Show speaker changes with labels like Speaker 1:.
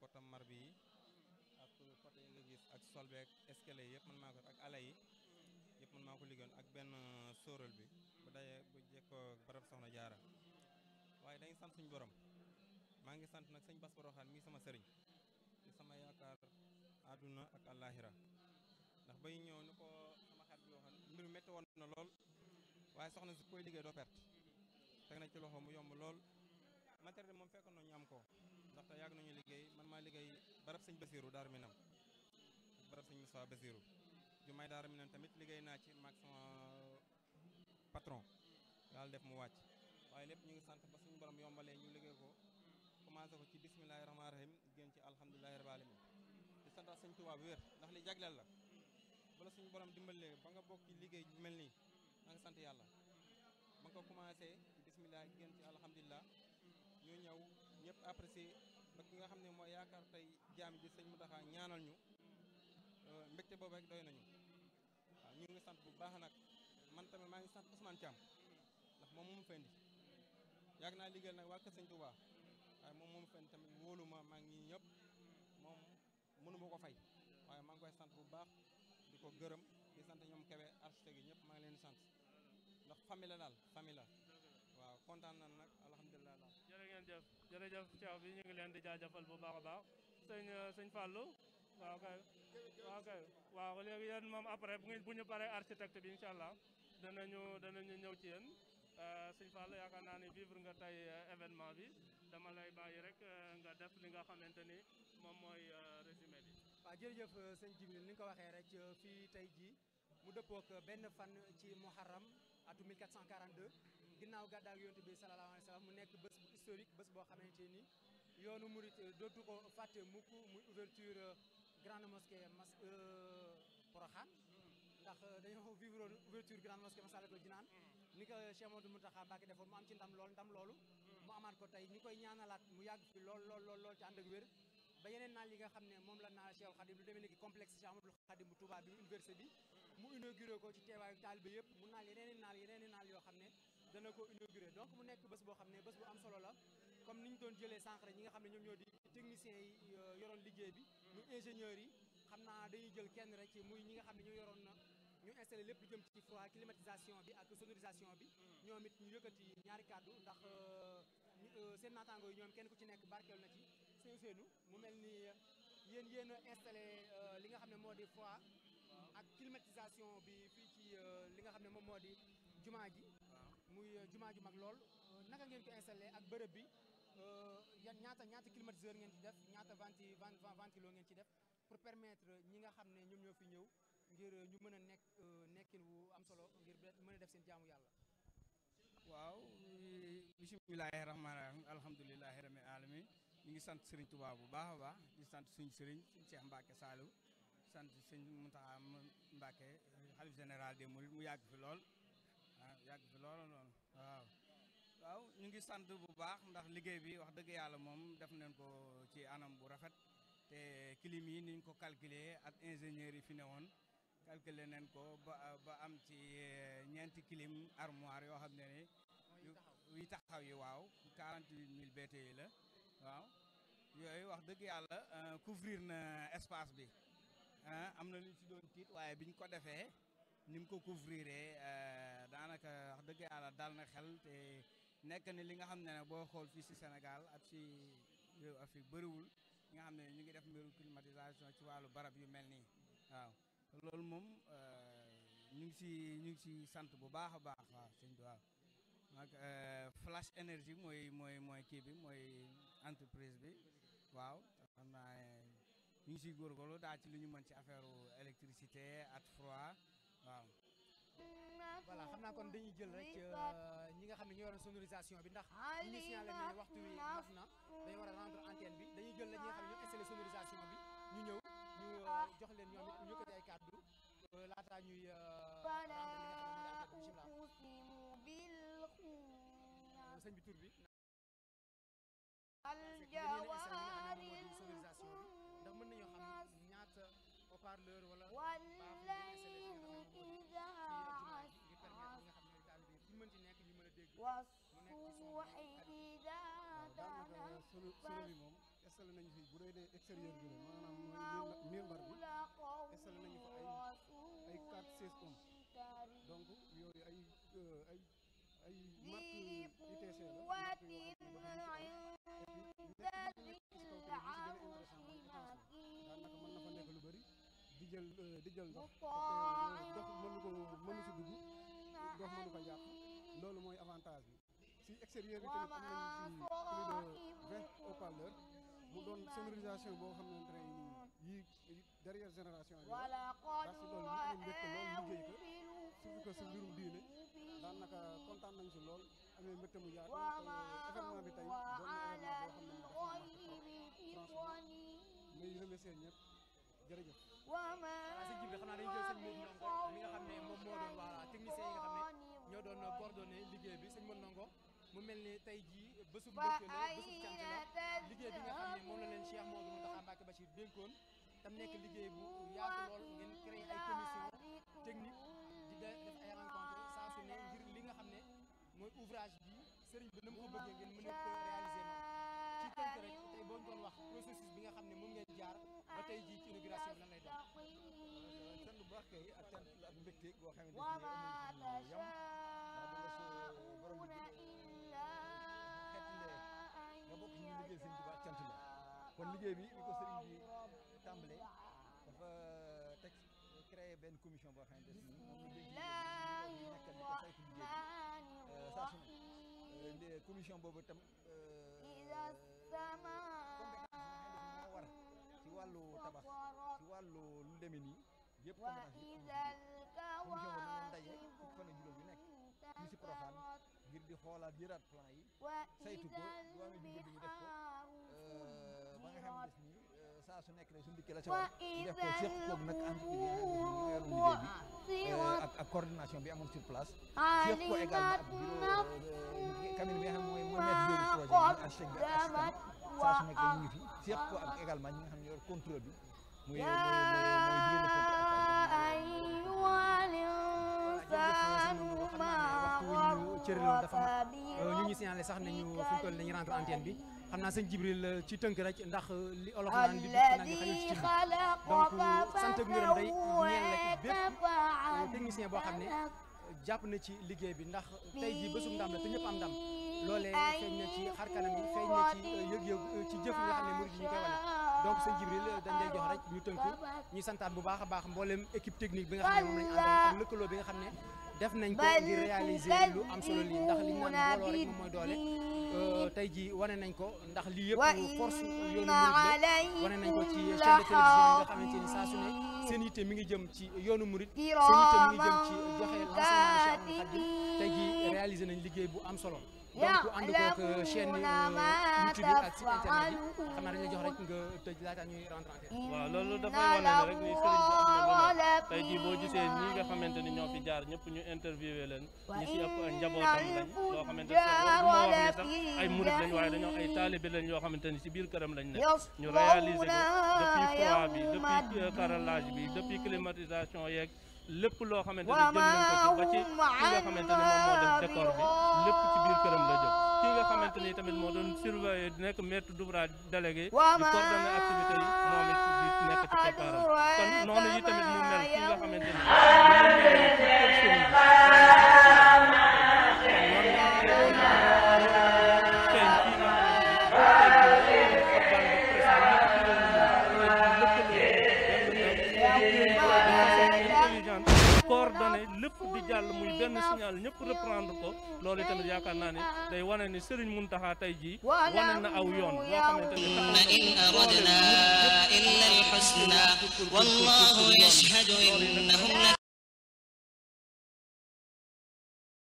Speaker 1: potam mar bi ak côté yi gis ak solbeek escalier yëpp man maa ko ak ala yi yëpp man maa ko liggéeyoon ak benn sóoral bi bu dayee bu jekkoo barab soxna jaara waaye dañ sant suñ borom maa ngi sant nag sëñ Bass mi mii sama sëriñ di sama yaakaar àdduna ak àllaaxira ndax ba ñëw ni ko sama xarit bi waxoon mbir mi métti woon na lool waaye soxna si koy liggéey doo perte fekk na ci loxo mu yomb lool matériel moom fekkoon na ñu ko te yàgg nañu liggéey man maa liggéey barab sëñ Basiiru Daaru Minam barab sëñ Moussa Basiiru jumaay Daaru Minam tamit liggéey naa ci maag sama patron yàlla def mu wàcc waaye lépp ñu ngi sant ba suñu borom yombalee ñu liggéey ko commencé ko ci bismillahi rahmaani rahim génn ci alhamdulilahi rabbil alamin di sant sëñ Tuubaa wér ndax li jagleel la bala suñu borom dimbalee ba nga bokk liggéey bu mel ni na sant yàlla ba nga ko commencé génn ci alhamdulilah ñu ñëw ñëpp apprécier nag nga xam ne mooy yaakaar tey jaami bi mu Mountakha ñaanal ñu euh, mbégte boobu rek doy nañu waaw ñu ngi sant bu baax nag man tamit maa ngi sant Ousmane Thiam ndax moom moomu fendi yàgg naa liggéeyal nag waa kër sëñ Touba waaye moom moomu fendi tamit wóolu maa ngi ñëpp moom mënu ko fay waaye maa ngi koy sant bu baax di ko gërëm di sant ñoom Kébé architecte yi ñëpp maa ngi leen di sant
Speaker 2: ndax famille la daal famille waaw kontaan jërëjëf Cheikh bi ñu ngi leen di jaajëfal bu baax a baax sëñ euh, sëñ Fallou waaw kay waaw kay waaw léegi yéen moom après bu ngeen bu ñu paree architecte bi incha allah danañu danañu ñëw ci yéen euh, sëñ Fallou yaakaar naa ni vivre nga tey euh, événement bi dama lay bàyyi rek nga def li nga xamante ni moom mooy résumé bi. waa
Speaker 3: jërëjëf sëñ Jibril ni nga ko waxee rek fii tey jii mu dëppook benn fan ci Muharram atu 1442 ginnaaw gàddaak yonent bi salallaahu alayhi wa mu nekk bés bu historique bés boo xamante ni yoonu murit eh, dootu ko fàtte mukk muy ouverture eh, grande mosquée mas euh, Porokhane ndax eh, dañoo vivre ouverture grande mosquée Massalikul Jinaan mu am ci ndam lool ndam loolu mu amaat ko tey ñu koy ñaanalaat mu yàgg fi lool lool lool lool ci ànd ak wér ba yeneen naan yi nga xam ne moom la naa Cheikh Khadim lu demee ni ki complexe Cheikh Ahmadou Khadim bi université bi mu inauguré ko yëpp mu naal yeneen yeneen i yoo xam ne dana ko inauguré donc mu nekk bës boo xam ne bés bu am solo la comme ni ñu doon jële sànq rek ñi nga xam ne ñoom ñoo di techniciens yi euh, yoroon liggéey bi ñu ingénieurs yi xam naa dañuy jël kenn rek ci muy ñi nga xam ne ñoo yoroon na ñu installé lépp lu jëm ci froid bi ak sonorisation bi ñoom it ñu yëkkati ñaari kàddu ndax euh, euh, seen naataango yi ñoom kenn ku ci nekk barkeel na ci seen seenu mu mel ni yéen yéen a installé li nga xam ne moo di froid ak climatisation bi fii ci li nga xam ne moom moo di jumaa ji jumaa ju mag lool euh, naka ngeen ko installé ak bërëb bi euh, yan ñaata ñaata climatiseur ngeen ci def ñaata venti ventilo ngeen ci def pour permettre ñi nga xam ne ñoom ñoo fi ñëw ngir euh, ñu mën a nekk nekkin wu am solo ngir mën a def si jaamu yàlla
Speaker 4: waaw bisimilahi rahmaani rahim alhamdulilahi rabbil alamin ñu ngi sant Serigne Touba bu baax a baax sant suñu Serigne suñu Cheikh Mbacke Saliou sant Serigne Mountakha Mbacke xalif général des Mourides mu yàgg fi lool ah, yàgg fi lool lool waaw waaw ñu ngi sant bu baax ndax liggéey bi wax dëgg yàlla moom def nañ ko ci anam bu rafet te kilim yi niñ ko calculer ak ingénieur yi fi ne woon calculer nañ ko ba ba am ci eh, ñeenti kilim armoire yoo xam ne ni yu taxaw yi waaw 48000 BTU la waaw yooyu wax dëgg yàlla eh, couvrir na espace bi eh, am na lu ci doon tiit waaye biñ ko defee ni mu ko couvriree daanaka dëgg yàlla dal na xel te nekk ni li nga xam ne ne boo xool fii si Sénégal ak si réew bëriwul ñi nga xam ne ñu ngi def mbiru climatisation ci wàllu barab yu mel nii waaw loolu moom euh, ñu ngi si ñu ngi si sant bu baax a baax waaw sëñ bi waaw nag euh, Flash Energy mooy mooy mooy kii bi mooy entreprise bi waaw xam naa ñu si siy góorgóorlu daa ci lu ñu mën ci affaire électricité at froid waaw
Speaker 3: voilà xam naa kon dañuy jël rek euh, ñi nga xam ne ñoo yoroon sonorisation bi ndax ñi ñu ni waxtu wi mat na dañu war a rendre bi dañuy jël rek ñi nga xam ne ñoo installé sonorisation bi ñu ñëw euh, ah. jox leen ñoom it ñu yëkkati ay kàddu euh, laata ñuy bi tur bi bi ndax mën nañoo xam ñaata haut والصبح إذا
Speaker 4: تنفى قول قول donc yooyu ay ay ay marque UTC
Speaker 3: la daanaka
Speaker 4: mën na fa nekk lu bëri di jël di jël ndox dox mënu ko mënu si dugg dox mënu ko yàq loolu mooy avantage bi si extérieur bi tamit am nañ fi plus doon sonorisation boo xam ne train yi yii derrière génération a parce que loolu ñu am mbégte loolu eh, liggéey
Speaker 3: ko surtout que si mbirum diine
Speaker 2: daanaka kontaan
Speaker 4: nañ si lool amee mbégte mu yaatu événement bi tey doon na événement boo xam ne
Speaker 3: franchement
Speaker 4: muy remercier bi xam
Speaker 3: xam ne moom moo mu mel ni tey jii bésub mbégte la bésub cant la liggéey bi nga xam ne moom la leen Cheikh Modou Mountakha Mbacké Bachir dénkoon tam nekk liggéey bu yaatu lool ngeen créé ay commission technique di def ay rencontre saa su ne ngir li nga xam ne mooy ouvrage bi sëriñ bi na mu bëggee ngeen mën a ko réaliser ma ci tënk bi nga xam ne moom ngeen jaar ba tey jii ci inauguration bi lan lay doon. sant bu baax kay ak cant ak mbégte goo xam ne liggéey sëriñ Tuubaa cant la kon liggéey bi bi ko sëriñ bi tàmbalee
Speaker 1: dafa teg créé benn commission boo xamante ne moom la euh, euh, commission boobu tam euh,
Speaker 4: compétence
Speaker 3: war ci wàllu tabax ci wàllu lu demee nii yëpp compétence yi ngir di xoolaat yëraat plan yi saytu ko waa ñu def ko xam gis ni euh, saa su nekk rek suñu dikkee la ca war def ko séq koog nag
Speaker 1: entité bi nga xam ne moo yoroon liggéey bi ak ak coordination bi amoon sur place séq ko également ak bureau Kamil euh, euh, bi nga xam mooy moo nekk bureau projet architecte
Speaker 4: bi ak assistant saa su nekk ñu ngi fi
Speaker 3: séq ko ak également ñi nga xam ne yor contrôle bi muy mooy mooy bureau contrôle cëriloon dafa ñu ñu signalé sax ne ñu fi mu toll dañuy rendre antenne bi xam naa sëñ Jibril euh, ci tënk rek ndax euh, li olof naan li ci donc euh, sant ak ngërëm day ñeel la bépp technicien boo xam ne jàpp na ci liggéey bi ndax tey jii bésum ndam la te ñëpp am ndam loolee feeñ na ci xar kanam yi feeñ na ci yëg-yëg ci jëf yi nga xam ne murid yi ñu koy wane donc sëñ Jibril dañ lay jox rek ñu tënk ñu santaat bu baax a baax mboolem équipe technique bi nga xam ne moom lañ àndal ak lëkkaloo bi nga xam ne def nañ ko ngir réaliser lu am solo lii ndax li ñu naan mbooloo rek moom mooy doole Euh, tey jii wane nañ ko ndax lii yëpp force yoonu murid wane nañ ko ci chaîne de télévision yi nga xamante ni saa su ne mi ngi jëm ci yoonu murid seen yitte mi ngi jëm ci joxe l'enseignement Cheikh Ahmadou réalisé nañ liggéey bu am solo donc ànd koog euh, chaîne YouTube ak site internet yi xam naa dañuy jox rek nga tëj laata ñuy rendre
Speaker 2: waaw loolu dafay wane rek ni sëriñ bi am na tey jii boo gisee ñi nga xamante ni ñoo fi jaar ñëpp ñu interviewé leen ñi si ëpp njabootam lañ loo xamante ni sax ay murid lañ waaye dañoo ay taalibe lañ yoo xamante ni si biir këram lañ ne ñu réalisé ko depuis froid bi depuis euh, carrelage bi depuis climatisation yeeg. lépp loo xamante ne jël nañ ko ci ba ci ki nga xamante ne moom moo def décor bi lépp ci biir këram la jëm ki nga xamante ni tamit moo doon surveiller di nekk maître d'ouvrage délégué di coordonné activité yi moom it di nekk ci préparam kon noonu itam waaye lépp di jàll muy benn signal ñëpp reprendre ko loolu tamit yaakaar naa ne ah, ah. day wane ni Serigne Mountakha tey jii wane na aw yoon boo xamante ne in aradna illa al husna wallahu yashhadu innahum